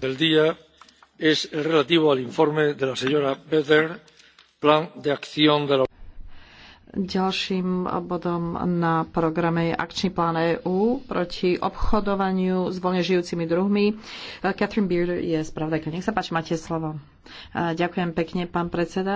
del día es el relativo al informe de la señora Beder, Plan de acción de la Ďalším bodom na programe je akčný plán EÚ proti obchodovaniu s voľne žijúcimi druhmi. Catherine Beard je spravodajka. Nech sa páči, máte slovo. Ďakujem pekne, pán predseda.